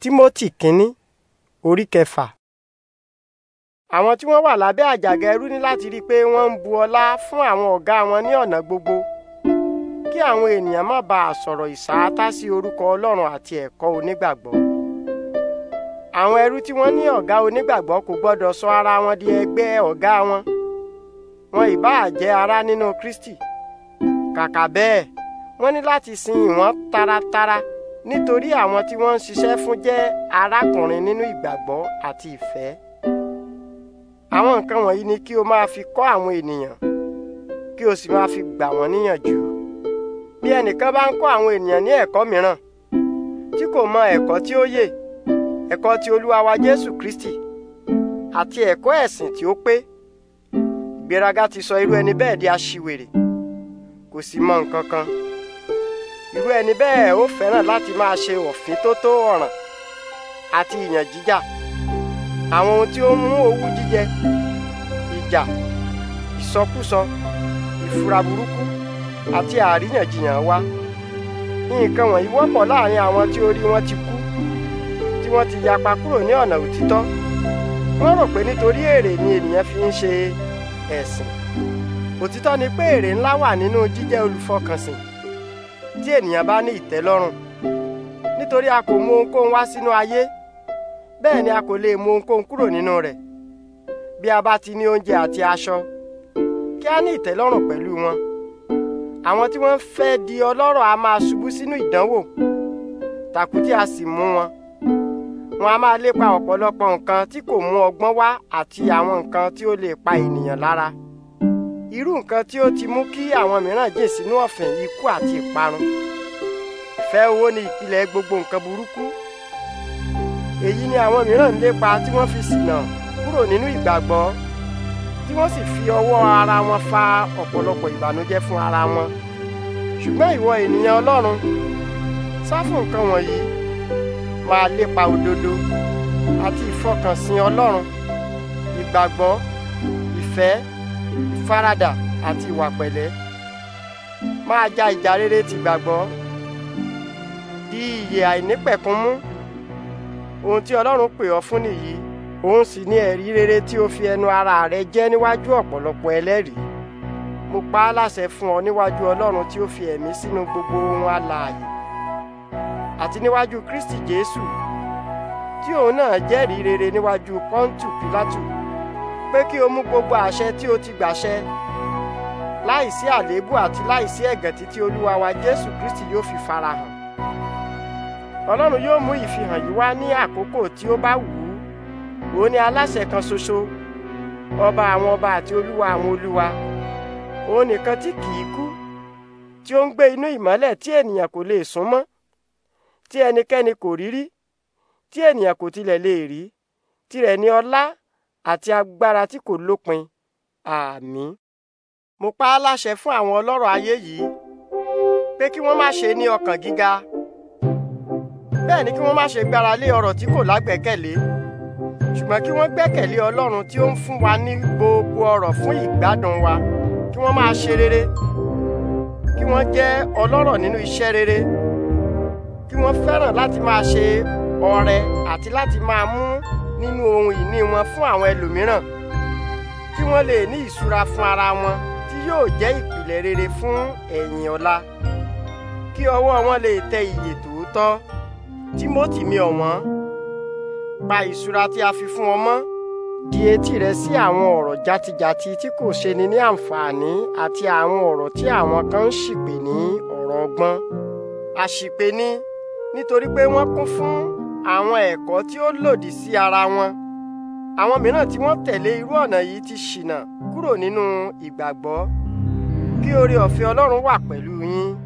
Timoti kínní orí kẹfà. Àwọn tí wọ́n wà lábẹ́ àjàgà ẹrú ní láti rí i pé wọ́n ń bu ọlá fún àwọn ọ̀gá wọn ní ọ̀nà gbogbo kí àwọn ènìyàn má bàa sọ̀rọ̀ ìsáátá sí orúkọ Ọlọ́run àti ẹ̀kọ́ onígbàgbọ́. Àwọn ẹrú tí wọ́n ní ọ̀gá onígbàgbọ́ kò gbọ́dọ̀ sọ ara wọn di ẹgbẹ́ ọ̀gá wọn. Wọn ìbáà jẹ́ ará nínú Kristi. Kàkà bẹ́ẹ̀, wọ́n ní láti sin ìwọ̀n taratara. Tara nítorí àwọn tí wọ́n ń ṣiṣẹ́ fún jẹ́ arákùnrin nínú ìgbàgbọ́ àti ìfẹ́. àwọn nǹkan wọ̀nyí ni kí o máa fi kọ́ àwọn ènìyàn kí o sì máa fi gbà wọ́n níyànjú. bí ẹnìkan bá ń kọ́ àwọn ènìyàn ní ẹ̀kọ́ mìíràn tí kò mọ ẹ̀kọ́ tí ó yè ẹ̀kọ́ ti olúwa wa jésù kristi àti ẹ̀kọ́ ẹ̀sìn tí ó pé ìgbéraga ti sọ irú ẹni bẹ́ẹ̀ di aṣiwèrè kò sì mọ nǹkan kan. kan irú ẹni bẹ́ẹ̀ ó fẹ́ràn láti máa ṣe òfin tó tó ọ̀ràn àti ìyàn jíjà àwọn ohun tí ó mú owú jíjẹ ìjà ìsọkúsọ ìfura burúkú àti àríyànjiyàn wá nǹkan wọ̀nyí wọ́pọ̀ láàrin àwọn tí orí wọn ti kú tí wọ́n ti yapa kúrò ní ọ̀nà òtítọ́ wọ́n rò pé nítorí èrè ni ènìyàn fi ń ṣe ẹ̀sìn òtítọ́ ni pé èrè ńlá wà nínú jíjẹ́ olùfọkànsìn tí ènìyàn bá ní ìtẹ́lọ́rùn nítorí a kò mú ohunkóhun wá sínú ayé bẹ́ẹ̀ ni a kò lè mú ohunkóhun kúrò nínú rẹ̀ bí a bá ti ní oúnjẹ àti aṣọ kí a ní ìtẹ́lọ́rùn pẹ̀lú wọn àwọn tí wọ́n ń fẹ́ di ọlọ́rọ̀ a máa ṣubú sínú ìdánwò tàkútí a sì mú wọn wọn a máa lépa ọ̀pọ̀lọpọ̀ nǹkan tí kò mú ọgbọ́n wá àti àwọn nǹkan tí ó lè pa ènìyàn lára irú nǹkan tí ó ti mú kí àwọn mìíràn jìn sínú ọ̀fìn ikú àti ìparun ìfẹ́ owó ni ìpìlẹ̀ gbogbo nǹkan burúkú èyí ni àwọn mìíràn ń lépa tí wọ́n fi ṣìnà kúrò nínú ìgbàgbọ́ tí wọ́n sì fi ọwọ́ ara wọn fa ọ̀pọ̀lọpọ̀ ìbànújẹ́ fún ara wọn ṣùgbọ́n ìwọ ènìyàn Ọlọ́run sá fún nǹkan wọ̀nyí máa lépa òdodo àti ìfọkànsìn Ọlọ́run ìgbàgbọ́ ìfẹ́ Farada àti ìwà pẹ̀lẹ́ máa ja ìjà rere ti gbàgbọ́ di ìyè àìnípẹ̀kun mú ohun tí ọlọ́run pè ọ́ fún nìyí òun sì ni ẹ̀rí rere tí o fi ẹnu ara rẹ jẹ́ níwájú ọ̀pọ̀lọpọ̀ ẹlẹ́rìí mo pa á láṣẹ fún ọ níwájú ọlọ́run tí ó fi ẹ̀mí sínú gbogbo ohun alààyè àti níwájú kristi jésù tí òun náà jẹ́rìí rere níwájú pọ́ńtù pílátù pé kí o mú gbogbo àṣẹ tí o ti gbàṣẹ láìsí àléébù àti láìsí ẹ̀gàn títí olúwa wa jésù kristi yóò fi farahàn ọlọ́run yóò mú ìfihàn yìí wá ní àkókò tí ó bá wù ú òun ni aláṣẹ kan ṣoṣo ọba àwọn ọba àti olúwa àwọn olúwa òun nìkan tí kì í kú tí ó ń gbé inú ìmọ́lẹ̀ tí ènìyàn kò lè sún mọ́ tí ẹnikẹ́ni kò rí rí tí ènìyàn kò tilẹ̀ lè rí tirẹ̀ ni ọlá àti agbára tí kò lópin. Àmín. Mo pa á láṣẹ fún àwọn ọlọ́rọ̀ ayé yìí pé kí wọ́n má ṣe ní ọkàn gíga. Bẹ́ẹ̀ ni kí wọ́n má ṣe gbára lé ọrọ̀ tí kò lágbẹ́kẹ̀lé. Ṣùgbọ́n kí wọ́n gbẹ́kẹ̀lé Ọlọ́run tí ó ń fún wa ní gbogbo ọrọ̀ fún ìgbádùn wa. Kí wọ́n máa ṣe rere. Kí wọ́n jẹ́ ọlọ́rọ̀ nínú iṣẹ́ rere. Kí wọ́n fẹ́ràn láti máa ṣe ọrẹ àti láti máa mú nínú ohun ìní wọn fún àwọn ẹlòmíràn kí wọ́n lè ní ìṣúra fún ara wọn tí yóò jẹ́ ìpìlẹ̀ rere fún ẹ̀yìn ọ̀la kí ọwọ́ wọn lè tẹ ìyè tòótọ́ Tímótì mi ọ̀wọ́n pa ìṣúra tí a fi fún ọ mọ́ di etí rẹ sí àwọn ọ̀rọ̀ jatijati tí kò ṣeni ní àǹfààní àti àwọn ọ̀rọ̀ tí àwọn kan ń ṣìpè ní ọ̀rọ̀ ọgbọ́n àṣìpè ni nítorí pé wọ́n kún fún àwọn ẹ̀kọ́ tí ó lòdì sí ara wọn àwọn mìíràn tí wọ́n tẹ̀lé irú ọ̀nà yìí ti ṣìnà kúrò nínú ìgbàgbọ́ kí oore ọ̀fẹ́ Ọlọ́run wà pẹ̀lú yín.